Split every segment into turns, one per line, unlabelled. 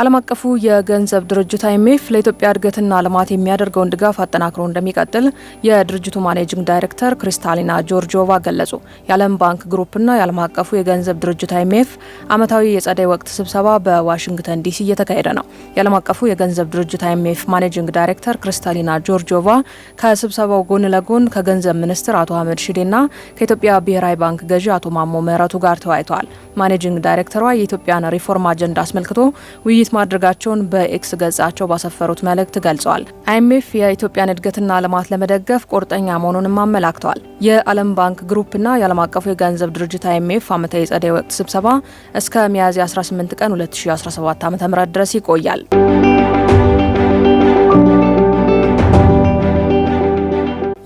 ዓለም አቀፉ የገንዘብ ድርጅት አይኤምኤፍ ለኢትዮጵያ እድገትና ልማት የሚያደርገውን ድጋፍ አጠናክሮ እንደሚቀጥል የድርጅቱ ማኔጂንግ ዳይሬክተር ክሪስታሊና ጆርጂዮቫ ገለጹ። የዓለም ባንክ ግሩፕና የዓለም አቀፉ የገንዘብ ድርጅት አይኤምኤፍ ዓመታዊ የጸደይ ወቅት ስብሰባ በዋሽንግተን ዲሲ እየተካሄደ ነው። የዓለም አቀፉ የገንዘብ ድርጅት አይኤምኤፍ ማኔጂንግ ዳይሬክተር ክሪስታሊና ጆርጂዮቫ ከስብሰባው ጎን ለጎን ከገንዘብ ሚኒስትር አቶ አህመድ ሺዴና ከኢትዮጵያ ብሔራዊ ባንክ ገዢ አቶ ማሞ ምህረቱ ጋር ተወያይተዋል። ማኔጂንግ ዳይሬክተሯ የኢትዮጵያን ሪፎርም አጀንዳ አስመልክቶ ውይይት ማድረጋቸውን በኤክስ ገጻቸው ባሰፈሩት መልእክት ገልጸዋል። አይኤምኤፍ የኢትዮጵያን እድገትና ልማት ለመደገፍ ቁርጠኛ መሆኑንም አመላክተዋል። የዓለም ባንክ ግሩፕና የዓለም አቀፉ የገንዘብ ድርጅት አይኤምኤፍ ዓመታዊ የጸደይ ወቅት ስብሰባ እስከ ሚያዝያ 18 ቀን 2017 ዓ ም ድረስ ይቆያል።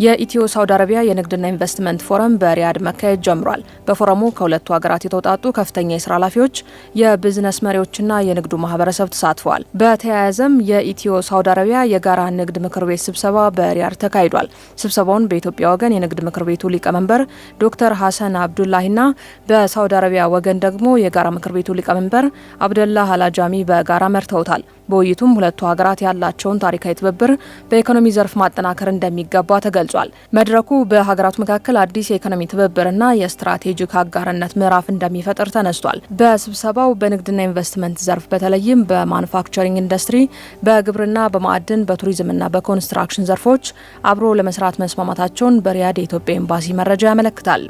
የኢትዮ ሳውዲ አረቢያ የንግድና ኢንቨስትመንት ፎረም በሪያድ መካሄድ ጀምሯል። በፎረሙ ከሁለቱ ሀገራት የተውጣጡ ከፍተኛ የስራ ኃላፊዎች፣ የቢዝነስ መሪዎችና የንግዱ ማህበረሰብ ተሳትፈዋል። በተያያዘም የኢትዮ ሳውዲ አረቢያ የጋራ ንግድ ምክር ቤት ስብሰባ በሪያድ ተካሂዷል። ስብሰባውን በኢትዮጵያ ወገን የንግድ ምክር ቤቱ ሊቀመንበር ዶክተር ሀሰን አብዱላሂና በሳውዲ አረቢያ ወገን ደግሞ የጋራ ምክር ቤቱ ሊቀመንበር አብደላህ አላጃሚ በጋራ መርተውታል። በውይይቱም ሁለቱ ሀገራት ያላቸውን ታሪካዊ ትብብር በኢኮኖሚ ዘርፍ ማጠናከር እንደሚገባ ተገልጿል። መድረኩ በሀገራቱ መካከል አዲስ የኢኮኖሚ ትብብርና የስትራቴጂክ አጋርነት ምዕራፍ እንደሚፈጥር ተነስቷል። በስብሰባው በንግድና ኢንቨስትመንት ዘርፍ በተለይም በማኑፋክቸሪንግ ኢንዱስትሪ፣ በግብርና፣ በማዕድን፣ በቱሪዝምና በኮንስትራክሽን ዘርፎች አብሮ ለመስራት መስማማታቸውን በሪያድ የኢትዮጵያ ኤምባሲ መረጃ ያመለክታል።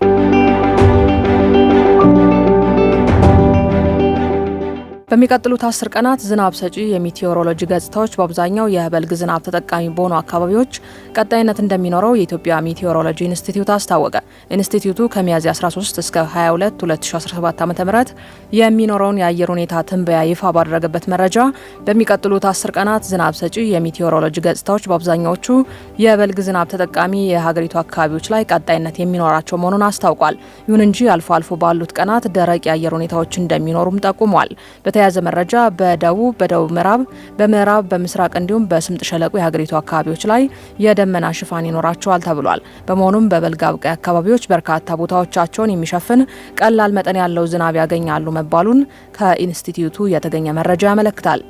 በሚቀጥሉት አስር ቀናት ዝናብ ሰጪ የሚቴዎሮሎጂ ገጽታዎች በአብዛኛው የበልግ ዝናብ ተጠቃሚ በሆኑ አካባቢዎች ቀጣይነት እንደሚኖረው የኢትዮጵያ ሚቴዎሮሎጂ ኢንስቲትዩት አስታወቀ። ኢንስቲትዩቱ ከሚያዝያ 13 እስከ 22 2017 ዓ ም የሚኖረውን የአየር ሁኔታ ትንበያ ይፋ ባደረገበት መረጃ በሚቀጥሉት አስር ቀናት ዝናብ ሰጪ የሚቴዎሮሎጂ ገጽታዎች በአብዛኛዎቹ የበልግ ዝናብ ተጠቃሚ የሀገሪቱ አካባቢዎች ላይ ቀጣይነት የሚኖራቸው መሆኑን አስታውቋል። ይሁን እንጂ አልፎ አልፎ ባሉት ቀናት ደረቅ የአየር ሁኔታዎች እንደሚኖሩም ጠቁሟል። በተያያዘ መረጃ በደቡብ በደቡብ ምዕራብ በምዕራብ በምስራቅ እንዲሁም በስምጥ ሸለቆ የሀገሪቱ አካባቢዎች ላይ የደመና ሽፋን ይኖራቸዋል ተብሏል። በመሆኑም በበልግ አብቃይ አካባቢዎች በርካታ ቦታዎቻቸውን የሚሸፍን ቀላል መጠን ያለው ዝናብ ያገኛሉ መባሉን ከኢንስቲትዩቱ የተገኘ መረጃ ያመለክታል።